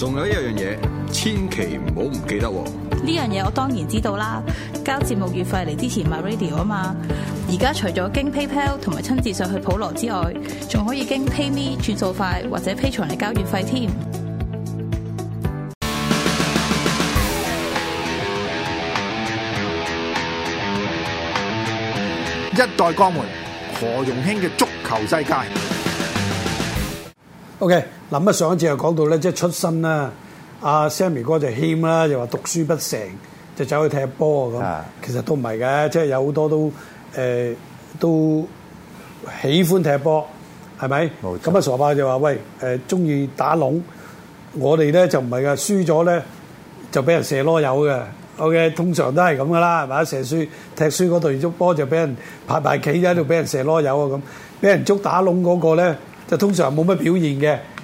仲有一樣嘢，千祈唔好唔記得喎！呢樣嘢我當然知道啦，交節目月費嚟之前買 radio 啊嘛。而家除咗經 PayPal 同埋親自上去普羅之外，仲可以經 PayMe 轉數快或者 Pay 財嚟交月費添。一代江門何容興嘅足球世界。OK。諗一上一次又講到咧，即係出身啦。阿、啊、Sammy 哥就謙啦，又話讀書不成，就走去踢波咁。啊、其實都唔係嘅，即係有好多都誒、呃、都喜歡踢波，係咪？冇錯。咁啊傻豹就話：喂，誒中意打籠，我哋咧就唔係㗎，輸咗咧就俾人射攞柚嘅。OK，通常都係咁嘅啦，係咪？一射輸踢輸嗰隊捉波就俾人排排企喺度，俾人射攞柚啊咁。俾人捉打籠嗰個咧，就通常冇乜表現嘅。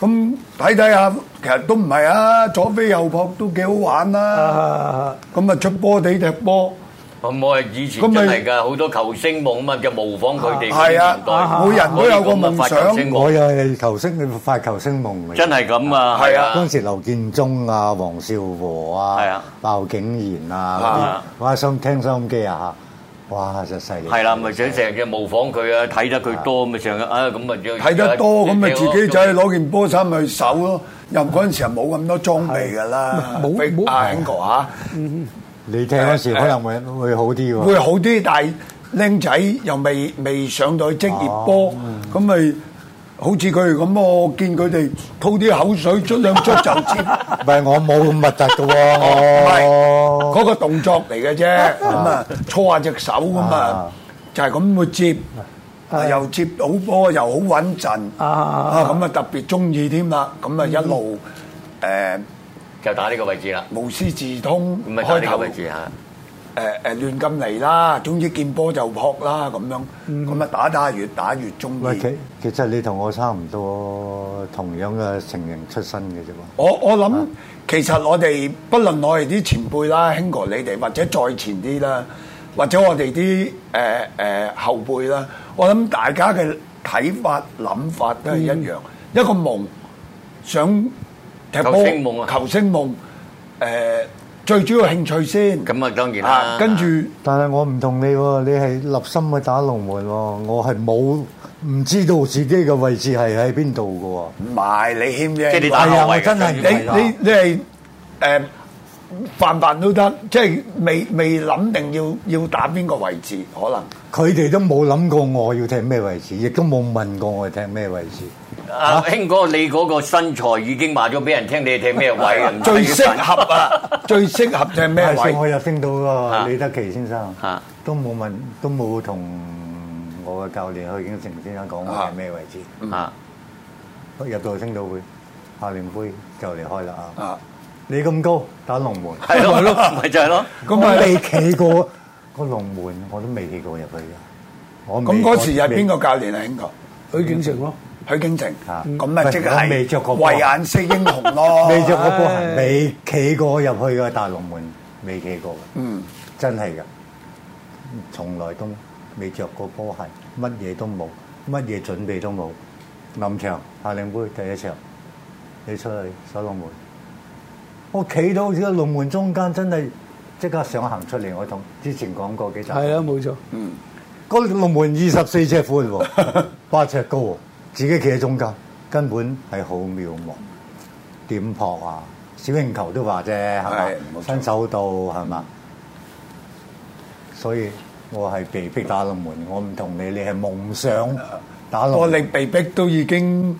咁睇睇下，其實都唔係啊，左飛右撲都幾好玩啦。咁啊，出波地踢波。咁啊，以前真係㗎，好多球星夢啊，就模仿佢哋。係啊，每人都有個夢想。我又係球星，你發球星夢。真係咁啊！係啊，嗰陣時劉建宗啊、黃少和啊、鮑景賢啊，我阿叔聽收音機啊嚇。哇！真係係啦，咪想成日嘅模仿佢啊，睇得佢多咪成日啊咁咪。睇得多咁咪自己仔攞件波衫去守咯。又嗰陣時冇咁多裝備㗎啦，冇冇感覺。你聽嗰時可能會會好啲喎，會好啲，但係僆仔又未未上到職業波，咁咪。好似佢哋咁，我見佢哋吐啲口水，出兩出就接。唔係我冇咁密集嘅喎，嗰個動作嚟嘅啫。咁啊，搓下隻手咁啊，就係咁會接，又接好波，又好穩陣。啊啊咁啊特別中意添啦。咁啊一路誒，就打呢個位置啦。無師自通，唔係開頭位置嚇。誒誒亂咁嚟啦，總之見波就撲啦咁樣，咁啊打打越打越中意。其實你同我差唔多同樣嘅情形出身嘅啫喎。我我諗其實我哋不論我哋啲前輩啦，兄哥你哋，或者再前啲啦，或者我哋啲誒誒後輩啦，我諗大家嘅睇法、諗法都係一樣，一個夢想踢波球星夢啊！球星夢誒。最主要興趣先，咁啊當然啦、啊。跟住，但係我唔同你喎，你係立心去打龍門喎，我係冇唔知道自己嘅位置係喺邊度嘅喎。唔係你謙嘅是，係啊，我真係你你你你你係誒，凡凡、呃、都得，即係未未諗定要要打邊個位置，可能佢哋都冇諗過我要踢咩位置，亦都冇問過我要踢咩位置。阿興哥，你嗰個身材已經話咗俾人聽，你踢咩位？最適合啊，最適合就係咩位？我又升到個李德奇先生，都冇問，都冇同我嘅教練許建成先生講係咩位置。入到去升到會，夏令杯就離開啦。啊，你咁高打龍門，係咯，咪就係咯。咁我未企過個龍門，我都未企過入去噶。咁嗰時係邊個教練呀，興哥？許建成咯。許敬正，吓咁咪即係？我未着過慧眼識英雄咯，未着過波鞋，未企過入去個大龍門，未企過嘅，嗯，真係噶，從來都未着過波鞋，乜嘢都冇，乜嘢準備都冇，臨場夏令杯第一場，你出去守龍門，我企到好似個龍門中間，真係即刻想行出嚟，我同之前講過幾集，係啊，冇錯，嗯，個龍門二十四尺闊，八尺高。自己企喺中間，根本係好渺茫。點撲啊？小人球都話啫，係咪？伸手到係嘛？所以我係被逼打龍門，我唔同你，你係夢想打龍門。你被逼都已經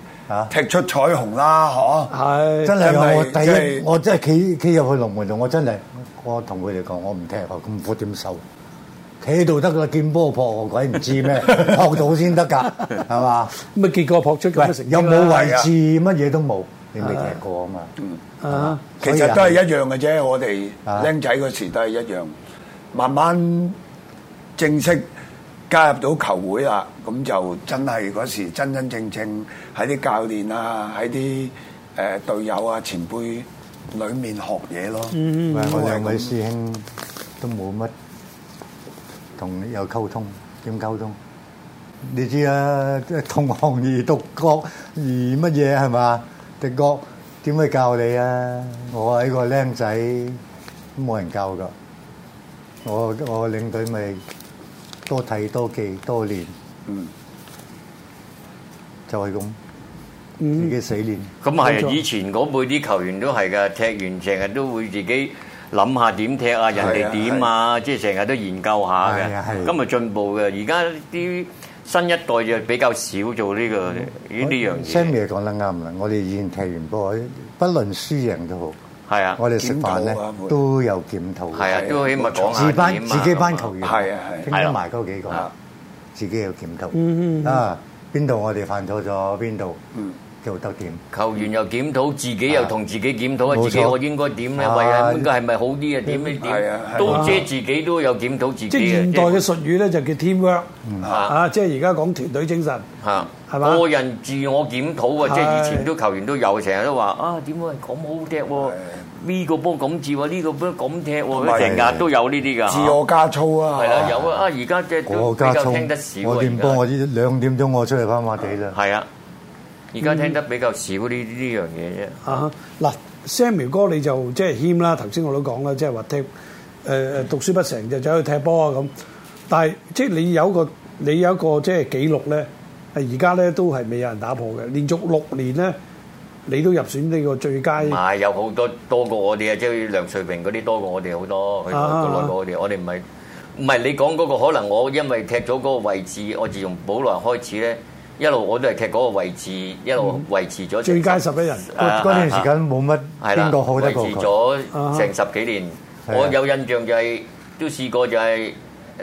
踢出彩虹啦，嗬！真係我第一，我真係企企入去龍門度，我真係我同佢哋講，我唔踢，我咁苦點受？睇到得啦，見波破鬼唔知咩， 撲到先得㗎，係嘛？咁啊結果撲出有冇位置，乜嘢、啊、都冇，uh, 你未踢過啊嘛？Uh, 吧嗯，啊，其實都係一樣嘅啫。我哋僆仔嗰時都係一樣，慢慢正式加入到球會啦，咁就真係嗰時真真正正喺啲教練啊，喺啲誒隊友啊、前輩裏面學嘢咯。嗯、以我兩位師兄都冇乜。同你有溝通，點溝通？你知啊，即係同行而獨角而乜嘢，係嘛？敵國點會教你啊？我係個僆仔，冇人教噶。我我領隊，咪多睇多記多練，嗯，就係咁自己死練。咁係、嗯嗯、以前嗰輩啲球員都係噶，踢完成日都會自己諗下點踢啊，人哋點啊，即係成日都研究下嘅，咁咪進步嘅。而家啲新一代就比較少做呢個呢樣嘢。Sammy 講得啱啦，我哋以前踢完波，不論輸贏都好。係啊，我哋食飯咧都有檢討。係啊，都起碼講下檢啊嘛。係啊係，係咯。埋多幾個，自己有檢討。啊，邊度我哋犯錯咗？邊度？叫得掂，球員又檢討，自己又同自己檢討，自己我應該點咧？喂，應該係咪好啲啊？點咩點？都即係自己都有檢討自己嘅。即係現代嘅術語咧，就叫 teamwork 嚇，即係而家講團隊精神嚇，係嘛？個人自我檢討啊，即係以前都球員都有，成日都話啊，點解咁好踢？呢個波咁接，呢個波咁踢，成日都有呢啲噶，自我加粗啊，係啊，有啊，啊而家即係比較聽得少啲嘅。我點幫我？兩點鐘我出嚟跑馬地啦。係啊。而家聽得比較少呢呢樣嘢啫。啊，嗱，Samuel 哥你就即係謙啦。頭先我都講啦，即係話踢誒誒讀書不成就走去踢波啊咁。但係即係你有一個你有一個即係記錄咧，係而家咧都係未有人打破嘅。連續六年咧，你都入選呢個最佳。唔係，有好多多過我哋啊，即係梁瑞平嗰啲多過我哋好多，佢都多過我哋。我哋唔係唔係你講嗰個，可能我因為踢咗嗰個位置，我自從保羅開始咧。一路我都係踢嗰個位置，一路維持咗最佳十一人。嗰段時間冇乜邊個好得過佢。維持咗成十幾年。我有印象就係都試過就係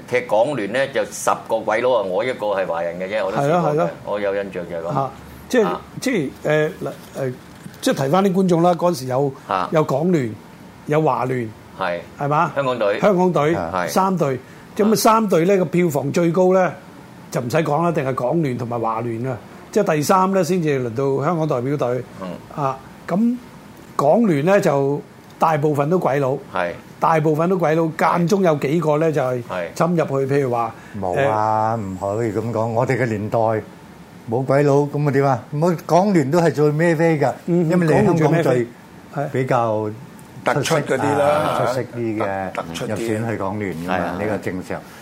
踢港聯咧，就十個鬼佬啊，我一個係華人嘅啫。我都試過嘅。我有印象就係咁。即即誒誒，即係提翻啲觀眾啦。嗰陣時有有港聯，有華聯，係係嘛？香港隊，香港隊，三隊。咁啊，三隊呢，個票房最高咧。就唔使講啦，定係港聯同埋華聯啦，即係第三咧先至輪到香港代表隊。嗯。啊，咁港聯咧就大部分都鬼佬，係大部分都鬼佬，間中有幾個咧就係侵入去，譬如話冇啊，唔可以咁講。我哋嘅年代冇鬼佬，咁咪點啊？冇港聯都係做咩飛㗎？因為你香港隊比較突出嗰啲啦，出色啲嘅突出入選去港聯㗎嘛，呢個正常。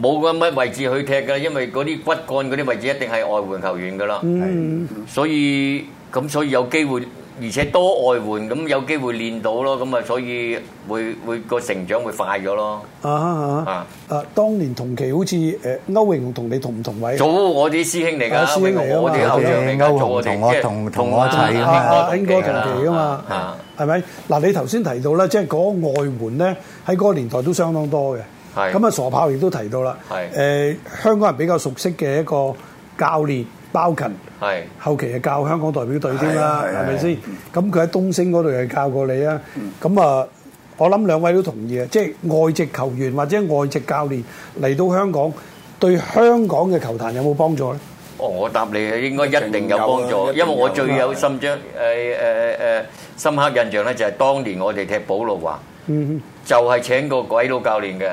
冇嗰乜位置去踢噶，因為嗰啲骨幹嗰啲位置一定係外援球員噶啦，所以咁所以有機會，而且多外援咁有機會練到咯，咁啊所以會會個成長會快咗咯。啊啊啊！啊，當年同期好似誒歐榮同你同唔同位？早我啲師兄嚟噶，師兄嚟啊嘛，我哋歐榮同我同同我一齊啊嘛，應該同期啊嘛，係咪？嗱你頭先提到咧，即係嗰外援咧喺嗰個年代都相當多嘅。咁啊，傻豹亦都提到啦。誒，香港人比較熟悉嘅一個教練包勤，後期係教香港代表隊添啦，係咪先？咁佢喺東昇嗰度係教過你啊。咁啊，我諗兩位都同意啊。即係外籍球員或者外籍教練嚟到香港，對香港嘅球壇有冇幫助咧？哦，我答你啊，應該一定有幫助，因為我最有心將誒誒誒深刻印象咧，就係當年我哋踢寶路華，就係請個鬼佬教練嘅。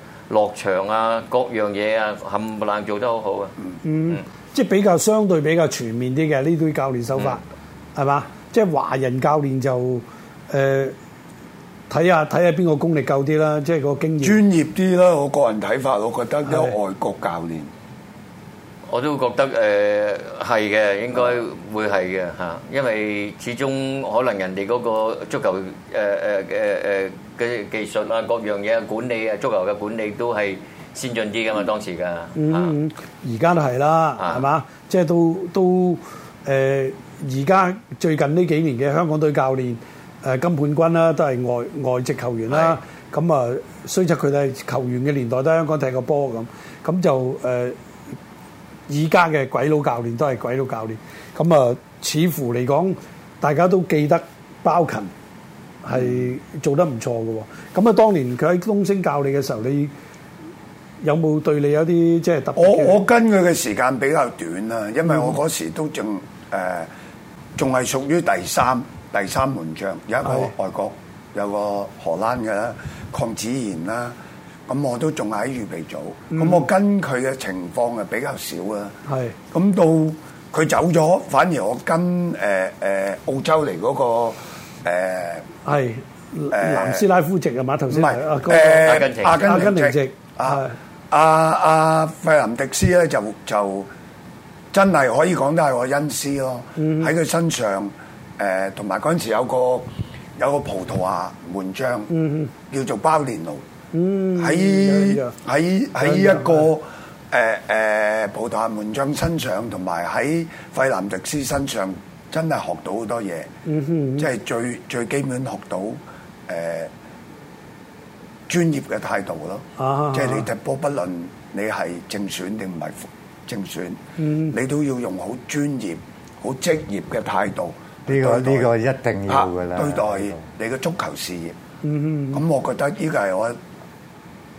落場啊，各樣嘢啊，冚唪唥做得好好啊！嗯，嗯即係比較相對比較全面啲嘅呢堆教練手法，係嘛，嗯？即係華人教練就誒睇下睇下邊個功力夠啲啦，即係個經驗專業啲啦。我個人睇法，我覺得都外國教練。我都覺得誒係嘅，應該會係嘅嚇，因為始終可能人哋嗰個足球誒誒誒誒嘅技術啊，各樣嘢管理啊，足球嘅管理都係先進啲噶嘛，當時噶，嗯，而家都係啦，係嘛？即係都都誒，而家最近呢幾年嘅香港隊教練誒金判軍啦，都係外外籍球員啦，咁啊，雖則佢哋係球員嘅年代都喺香港踢過波咁，咁就誒。而家嘅鬼佬教練都係鬼佬教練，咁啊，似乎嚟講大家都記得包勤係做得唔錯嘅。咁啊、嗯，當年佢喺東昇教你嘅時候，你有冇對你有啲即係特別我我跟佢嘅時間比較短啊，因為我嗰時都仲誒，仲、呃、係屬於第三第三門將，有一個外國有個荷蘭嘅鄺子賢啦。咁我都仲喺預備組，咁我跟佢嘅情況啊比較少啊。係咁、嗯、到佢走咗，反而我跟誒誒澳洲嚟嗰、嗰個誒係南斯拉夫籍嘅嘛，頭先，唔係誒阿根阿根廷籍，籍，阿阿阿費林迪斯咧就就，就真係可以講得係我恩師咯。喺佢、嗯、身上誒，同埋嗰陣時有個有個葡萄牙門將，叫做包連奴。嗯、喺喺喺一個誒誒葡萄牙門將身上，同埋喺費南迪斯身上，真係學到好多嘢，嗯、哼即係最最基本學到誒、呃、專業嘅態度咯。即係、啊、哈你踢波，不論你係正選定唔係正選，嗯、哼你都要用好專業、好職業嘅態度。呢、這個呢個一定要嘅啦，對待你嘅足球事業。咁我覺得呢個係我。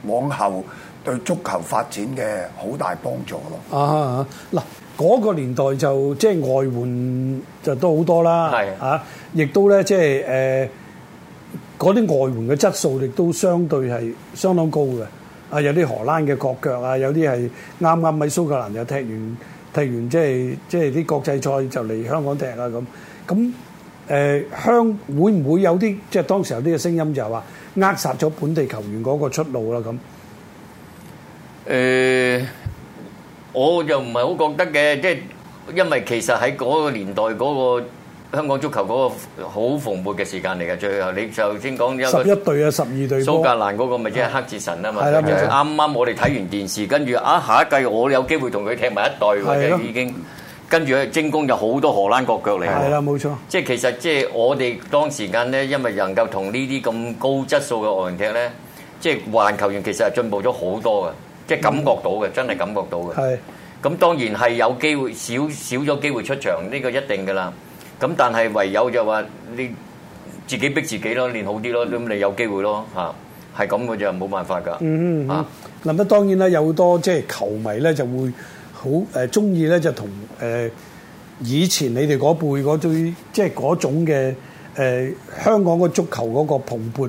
往後對足球發展嘅好大幫助咯。啊，嗱，嗰個年代就即係外援就都好多啦。係是的 啊，亦都咧即係誒，嗰啲外援嘅質素亦都相對係相當高嘅。啊，有啲荷蘭嘅國腳啊，有啲係啱啱喺蘇格蘭就踢完踢完，即係即係啲國際賽就嚟香港踢啦咁咁。誒，香會唔會有啲即係當時候啲嘅聲音就係話扼殺咗本地球員嗰個出路啦咁？誒，我就唔係好覺得嘅，即係因為其實喺嗰個年代嗰個香港足球嗰個好蓬勃嘅時間嚟嘅。最後你頭先講有十一隊啊，十二隊蘇格蘭嗰個咪即係黑哲神啊嘛？係啦，啱啱我哋睇完電視，跟住啊下一季我有機會同佢踢埋一隊，或者已經。跟住佢精工就好多荷蘭國腳嚟，係啦冇錯。即係其實即係我哋當時間咧，因為能夠同呢啲咁高質素嘅外人踢咧，即係環球員其實係進步咗好多嘅，即係感覺到嘅，真係感覺到嘅。係。咁當然係有機會少少咗機會出場，呢個一定嘅啦。咁但係唯有就話你自己逼自己咯，練好啲咯，咁你有機會咯嚇。係咁嘅就冇辦法㗎。嗯嗯嗯。咁啊當然啦，有好多即係球迷咧就會。好誒，中意咧就同誒以前你哋嗰輩嗰堆，即係嗰種嘅誒、呃、香港嘅足球嗰個蓬勃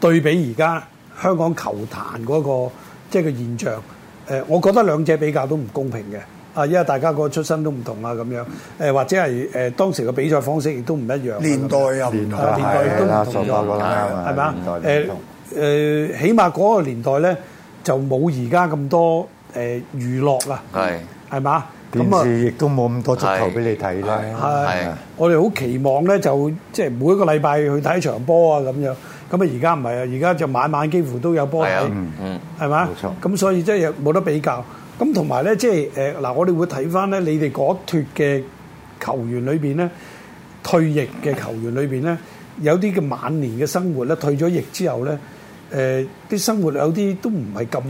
對比，而家香港球壇嗰、那個即係、就是、個現象誒、呃，我覺得兩者比較都唔公平嘅啊，因為大家個出身都唔同啊，咁樣誒，或者係誒、呃、當時嘅比賽方式亦都唔一樣年代啊，年代都唔同啊，係咪誒誒，起碼嗰個年代咧就冇而家咁多。誒娛樂啊，係係嘛？吧電視亦都冇咁多足球俾你睇啦。係我哋好期望咧，就即係每一個禮拜去睇場波啊咁樣。咁啊而家唔係啊，而家就晚晚幾乎都有波睇，係嘛？冇錯。咁所以即係冇得比較。咁同埋咧，即係誒嗱，我哋會睇返咧，你哋嗰脫嘅球員裏邊咧，退役嘅球員裏邊咧，有啲嘅晚年嘅生活咧，退咗役之後咧，誒、呃、啲生活有啲都唔係咁。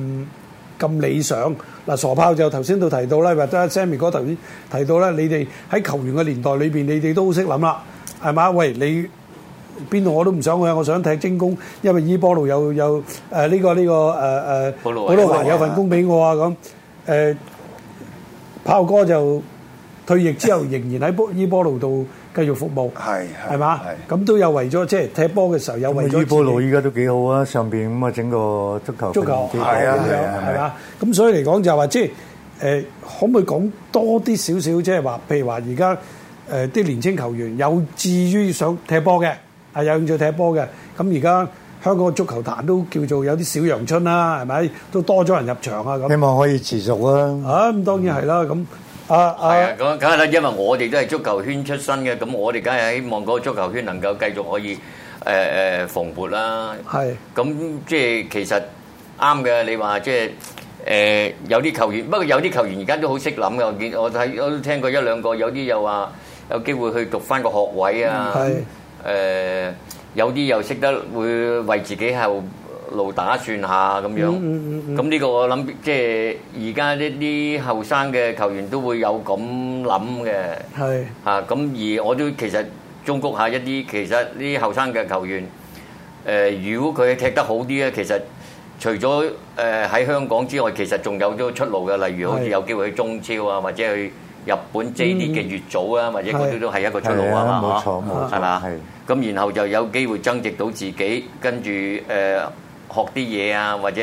咁理想嗱，傻炮就頭先都提到啦，或者 Sammy 哥頭先提到啦，你哋喺球員嘅年代裏邊，你哋都好識諗啦，係嘛？喂，你邊度我都唔想去，我想踢精工，因為伊波路有有誒呢個呢個誒誒，波路有份工俾我啊咁誒。炮哥就退役之後，仍然喺波伊波路度，繼續服務，係，係嘛？咁都有為咗即係踢波嘅時候有為咗。伊波路依家都幾好啊，上邊咁啊，整個足球，足球係啊係啊，咁所以嚟講就話即係誒，可唔可以講多啲少少，即係話譬如話而家誒，啲年青球員有志於想踢波嘅啊，有興趣踢波嘅，咁而家香港足球壇都叫做有啲小陽春啦，係咪？都多咗人入場啊，咁希望可以持續啦。啊咁當然係啦咁。啊！係啊，咁梗係啦，因為我哋都係足球圈出身嘅，咁我哋梗係希望嗰個足球圈能夠繼續可以誒誒蓬勃啦。係，咁即係其實啱嘅。你話即係誒有啲球員，不過有啲球員而家都好識諗嘅。我見我睇我都聽過一兩個，有啲又話有機會去讀翻個學位啊。係，誒有啲又識得會為自己後。路打算下咁樣，咁呢、嗯嗯嗯、個我諗即係而家呢啲後生嘅球員都會有咁諗嘅。係是啊，咁而我都其實忠告下一啲，其實呢啲後生嘅球員，誒、呃，如果佢踢得好啲咧，其實除咗誒喺香港之外，其實仲有咗出路嘅。例如好似是有機會去中超啊，或者去日本 J d 嘅月組啊，嗯、或者嗰啲都係一個出路啊嘛。冇錯冇錯，係嘛？咁吧、嗯、然後就有機會增值到自己，跟住誒。呃呃學啲嘢啊，或者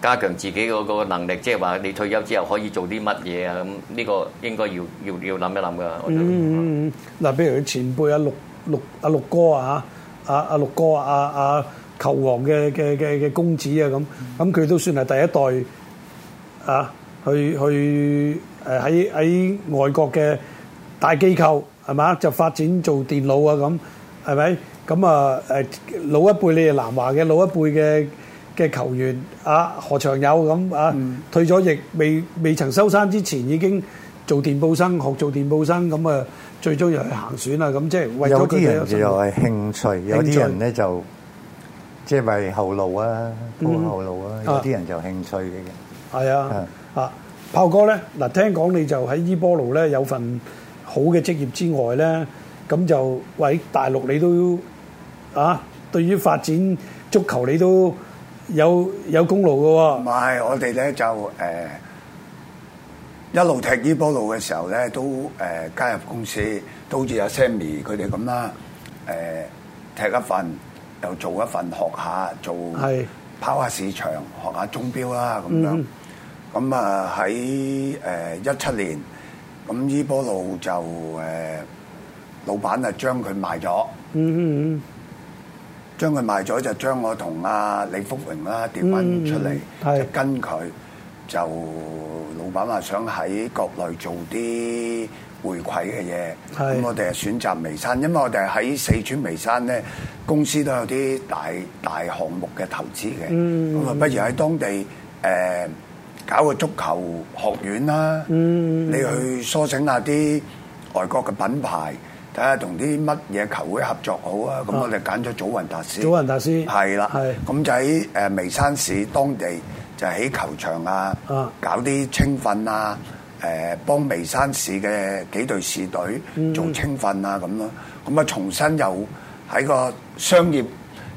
加強自己嗰個能力，即係話你退休之後可以做啲乜嘢啊？咁呢個應該要要要諗一諗噶、嗯。嗯嗯嗯嗱，譬如佢前輩啊，陸陸啊陸哥啊，啊啊陸哥啊啊球王嘅嘅嘅嘅公子啊，咁咁佢都算係第一代啊，去去誒喺喺外國嘅大機構係嘛，就發展做電腦啊咁。係咪咁啊？誒老一輩你哋南華嘅老一輩嘅嘅球員啊，何長友咁啊，退咗役未未曾收山之前已經做電報生，學做電報生咁啊，最終又去行船啦咁，即係為咗佢哋有啲人又係興趣，有啲人咧就即係為後路啊，鋪後路啊，有啲人就興趣嘅。係啊啊！豹哥咧嗱，聽講你就喺伊波魯咧有份好嘅職業之外咧。咁就喺大陸，你都啊，對於發展足球，你都有有功勞嘅喎。唔係，我哋咧就誒一路踢依波路嘅時候咧，都誒加入公司，都好似阿 Sammy 佢哋咁啦。誒踢一份，又做一份，學下做，跑下市場，學下鐘錶啦咁樣。咁啊喺誒一七年，咁依波路就誒。老闆啊，將佢賣咗，嗯嗯嗯，將佢賣咗就將我同阿李福榮啦調翻出嚟，就、嗯嗯、跟佢。就老闆話想喺國內做啲回饋嘅嘢，咁、嗯、我哋啊選擇眉山，因為我哋喺四川眉山咧，公司都有啲大大項目嘅投資嘅，咁啊、嗯嗯、不如喺當地誒、呃、搞個足球學院啦，嗯嗯嗯、你去梳整下啲外國嘅品牌。睇下同啲乜嘢球會合作好啊，咁我哋揀咗祖雲達斯。祖雲達斯係啦，咁了是就喺誒眉山市當地就喺球場啊，搞啲青訓啊，誒、啊呃、幫眉山市嘅幾隊市隊做青訓啊咁咯。咁啊、嗯嗯、重新又喺個商業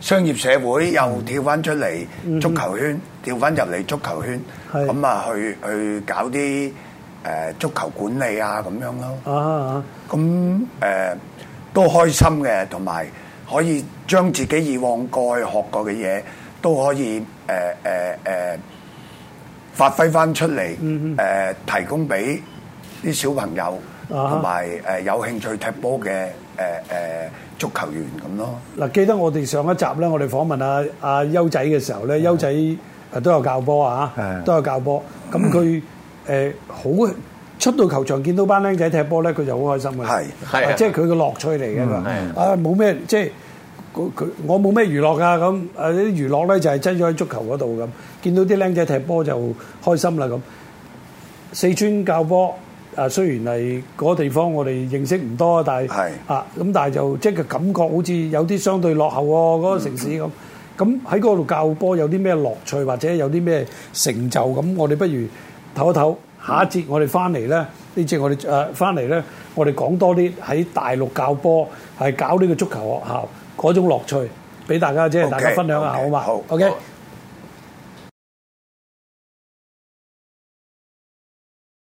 商業社會又跳翻出嚟足球圈，嗯嗯嗯、跳翻入嚟足球圈，咁啊去去搞啲。誒足球管理啊，咁樣咯、啊。啊咁誒、呃、都開心嘅，同埋可以將自己以往過去學過嘅嘢都可以誒誒誒發揮翻出嚟。嗯、呃、提供俾啲小朋友，同埋誒有興趣踢波嘅誒誒足球員咁咯。嗱，記得我哋上一集咧，我哋訪問阿阿優仔嘅時候咧，優仔都有教波啊，都有教波。咁佢。誒好出到球場見到班僆仔踢波咧，佢就好開心嘅。係係，即係佢嘅樂趣嚟㗎嘛。啊，冇咩即係我冇咩娛樂㗎咁。誒啲娛樂咧就係擠咗喺足球嗰度咁。見到啲僆仔踢波就開心啦咁。四川教波啊，雖然係嗰個地方我哋認識唔多，但係啊咁，但係就即係感覺好似有啲相對落後嗰個城市咁。咁喺嗰度教波有啲咩樂趣或者有啲咩成就咁？我哋不如。唞一唞，下一節我哋返嚟咧，呢節我哋誒返嚟咧，呃、我哋講多啲喺大陸教波，係搞呢個足球學校嗰種樂趣，俾大家即係 Okay, 大家分享一下 okay, 好嘛？OK 好。Okay?